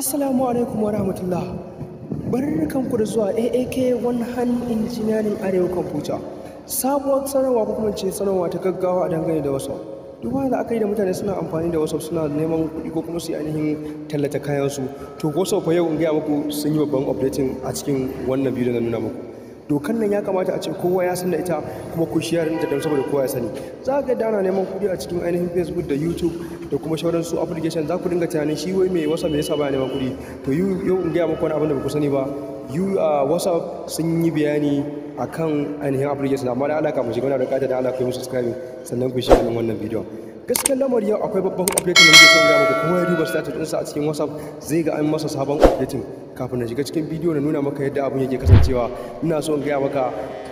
Assalamu alaikum warahmatullah. ku da zuwa AAK 100 Engineering Arewa Computer. Sabuwar sanarwa ko kuma ce sanarwa ta gaggawa a dangane da wasu. Duk wanda aka yi da mutane suna amfani da wasu suna neman kuɗi ko kuma su yi ainihin tallata kayansu. To wasu fa yau in gaya muku sun yi babban updating a cikin wannan bidiyo na nuna muku. dokan nan ya kamata a ce kowa ya san da ita kuma ku shiyar da dan saboda kowa ya sani za ka ga dana neman kuɗi a cikin ainihin facebook da youtube da kuma shauran su application za ku dinga tunanin shi wai mai wasa mai yasa baya neman kuɗi to yau in gaya muku wani abin da ba ku sani ba yu a uh, whatsapp sun yi bayani akan ainihin application amma da alaka mu shiga na da da alaka ku yi musu subscribe sannan ku shiga wannan bidiyon gaskiyar lamari yau akwai babban updating da nake son gaya ga kuma ya duba status sa a cikin whatsapp zai ga an masa sabon updating kafin na shiga cikin bidiyo na nuna maka yadda abun yake kasancewa ina so in gaya maka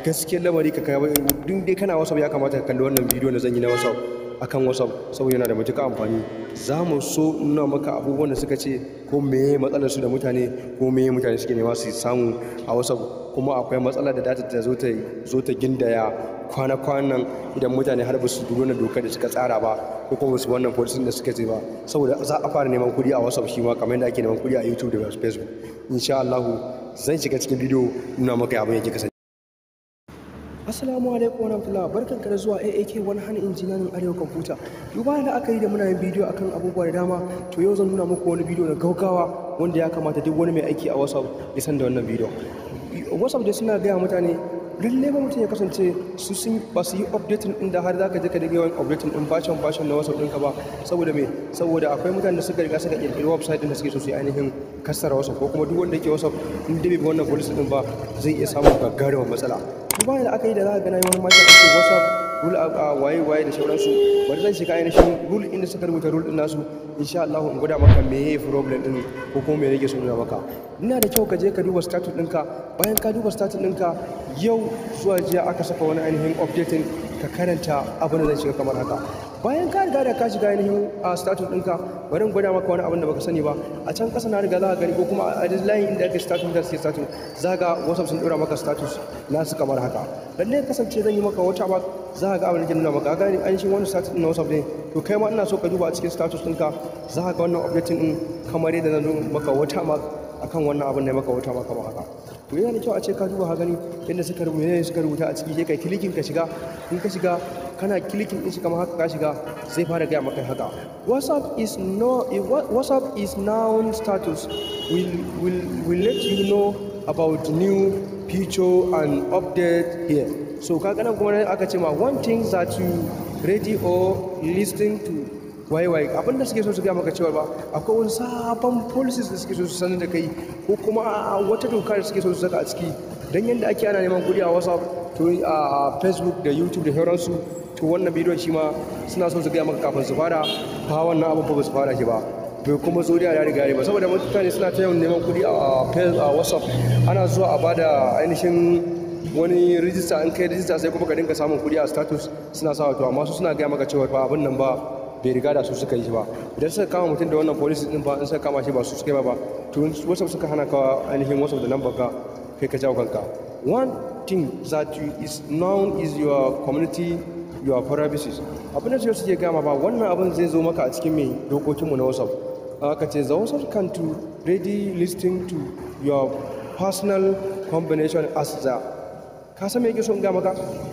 gaskiyar lamari ka kai duk dai kana whatsapp ya kamata ka kalli wannan bidiyo na zan yi na whatsapp akan whatsapp saboda yana da matuƙa amfani za mu so nuna maka abubuwan da suka ce ko meye matsalar su da mutane ko meye mutane suke nema su samu a whatsapp kuma akwai matsala da data ta zo ta gindaya kwana-kwanan idan mutane har ba su dubi wannan dokar da suka tsara ba ko kuma su wannan policy da suka ce ba saboda za a fara neman kuɗi a whatsapp shi ma kamar yadda ake neman kuɗi a youtube da facebook insha Allah zan shiga cikin bidiyo nuna maka abin yake kasance Assalamu alaikum warahmatullah barkan ka da zuwa AAK wani hana injiniyarin Arewa Kwamfuta. Duba da aka yi da muna yin bidiyo akan abubuwa da dama to yau zan nuna muku wani bidiyo na gaugawa wanda ya kamata duk wani mai aiki a WhatsApp ya san da wannan bidiyo. WhatsApp dai suna gaya mutane lalle ba mutum ya kasance su sun ba su yi updating din da har za ka je ka dinga yawan updating din bashan bashan na WhatsApp ɗinka ba saboda me saboda akwai mutane da suka riga suka kirkiri website din da suke so su yi ainihin kassara WhatsApp ko kuma duk wanda yake WhatsApp in dai bai wannan policy din ba zai iya samun gagarumar matsala. ba da aka yi da za a gana wani mata ake whatsapp rule a ah, waye waye da sauransu ba zan shiga ainihin rule inda suka rubuta rule din nasu insha Allah in gwada maka me yayi problem din ko kuma me yake so da maka ina da kyau ka je ka duba status ɗinka bayan ka duba status ɗinka yau zuwa jiya aka saka wani ainihin updating ka karanta abin da zai shiga kamar haka bayan ka riga da ka shiga ainihin a ah, status ɗinka bari in gwada maka wani abin da baka sani ba a can ƙasa na riga za ka gani ko kuma a layin inda ake status da suke status za ga wasu sun dora maka status na su kamar haka lallai kasance zan yi maka wata ba za ka ga abin da nuna maka gani ainihin wani status ɗin na wasu ne to kai ma ina so ka duba a cikin status ɗinka za ka ga wannan updating ɗin kamar yadda na maka wata ma akan wannan abin da maka wata maka haka to yana da kyau a ce ka duba ha gani yadda suka rubuta yadda suka rubuta a ciki sai kai kilikin ka shiga in ka shiga kana kilikin din shi kamar haka ka shiga zai fara gaya maka haka whatsapp is no whatsapp is noun status will will will let you know about new feature and update here so kaga nan kuma aka ce ma one thing that you ready or listening to waiwai waye abin da suke so su gaya maka cewa ba akwai wani sabon policies da suke so su sani da kai ko kuma wata doka da suke so su saka a ciki don yadda ake ana neman kuɗi a whatsapp to a facebook da youtube da sauransu to wannan bidiyo shi ma suna so su gaya maka kafin su fara ba wannan abin ba su fara shi ba bai kuma zo da riga ba saboda mutane suna ta yawan neman kuɗi a whatsapp ana zuwa a bada ainihin wani rijista in kai rijista sai kuma ka dinka samun kuɗi a status suna sawa to amma su suna gaya maka cewa ba abin nan ba bai riga da su suka yi ba idan suka kama mutum da wannan polisi din ba in suka kama shi ba su suka yi ba to wasu suka hana ka ainihin wasu da nan baka kai ka jawo kanka one thing that you is known is your community your privacy abin da suke gama ba wannan abin zai zo maka a cikin mai dokokinmu na whatsapp aka ce the whatsapp kan to ready listening to your personal combination as the ka san me yake so in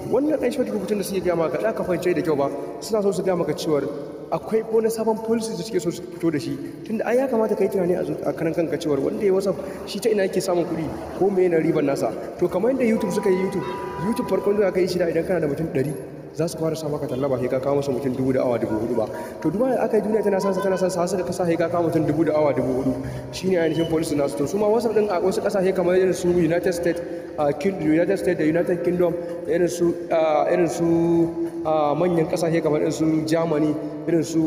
wannan ɗan shi rubutun da suke gama ka ɗaka fahimce da kyau ba suna so su ga ka cewar akwai ko na sabon policy da suke so su fito da shi tunda ai ya kamata kai tunani a kanan kanka cewar wanda ya whatsapp shi ta ina yake samun kuɗi ko me na riban nasa to kamar yadda youtube suka yi youtube youtube farkon da aka yi shi da idan kana da mutum ɗari za su fara sa maka talla ba sai ka kawo musu mutum dubu da awa dubu hudu ba to duba da aka yi duniya tana sansa tana sansa suka kasa sai ka kawo mutum dubu da awa dubu hudu shine ainihin policy nasu to su ma wasu din a wasu kasashe kamar irin su United States United States da United Kingdom irin su irin su manyan kasashe kamar irin su Germany irin su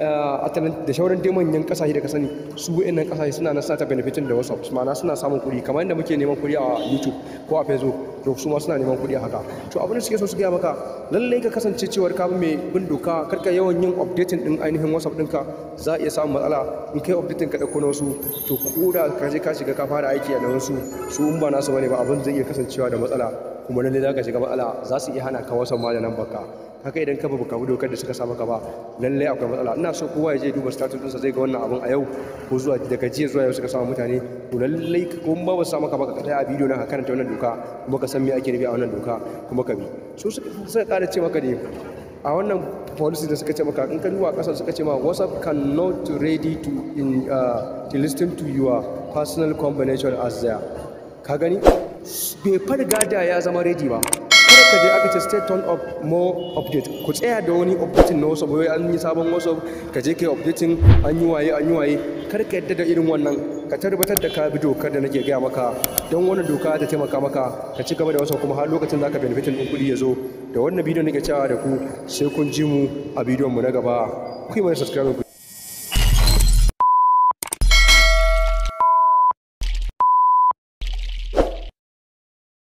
Eh, da shauran dai manyan kasashe da sani su nan kasashe suna nan suna ta benefitin da wasu ma'ana suna samun kuɗi kamar yadda muke neman kuɗi a youtube ko a facebook to su ma suna neman kuɗi a haka to abin da suke so su gaya maka lallai ka kasance cewar ka mai bin doka karka yawan yin updating din ainihin whatsapp ɗinka za a iya samun matsala in kai updating ka ɗauko na wasu to ko da ka je ka shiga ka fara aiki a da wasu su in ba nasu bane ba abin zai iya kasancewa da matsala kuma lallai za ka shiga matsala za su iya hana ka wasan ma da nan baka haka idan ka babu kabu dokar da suka sa maka ba lallai akwai matsala ina so kowa ya je duba status ɗinsa zai ga wannan abun a yau ko zuwa daga jiya zuwa yau suka sa mutane to lallai ko ba ba sa maka ba ka a bidiyo na ka karanta wannan doka kuma ka san me ake nufi a wannan doka kuma ka bi so suka ƙara ce maka ne a wannan policy da suka ce maka in ka duba kasar suka ce ma whatsapp cannot ready to in uh, to listen to your personal combination as there ka gani bai farga gada ya zama ready ba kada ka je aka ce stay turn up more update ku tsaya da wani updating na wasu wai an yi sabon wasu ka je ka yi updating an yi waye an yi waye kada ka yadda da irin wannan ka tabbatar da ka bi dokar da nake gaya maka don wannan doka ta taimaka maka ka ci gaba da wasu kuma har lokacin zaka benefitin din kuɗi ya zo da wannan bidiyon nake cewa da ku sai kun ji mu a bidiyon mu na gaba ku yi mana subscribe